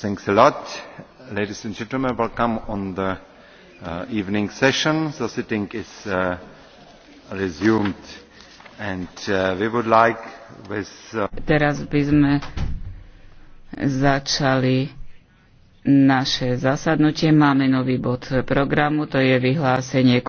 Thanks a lot. Ladies and gentlemen, welcome on the uh, evening session. The sitting is uh, resumed and uh, we would like with... Uh... Teraz by sme začali naše zasadnutie. Máme nový bod programu, to je vyhlásenie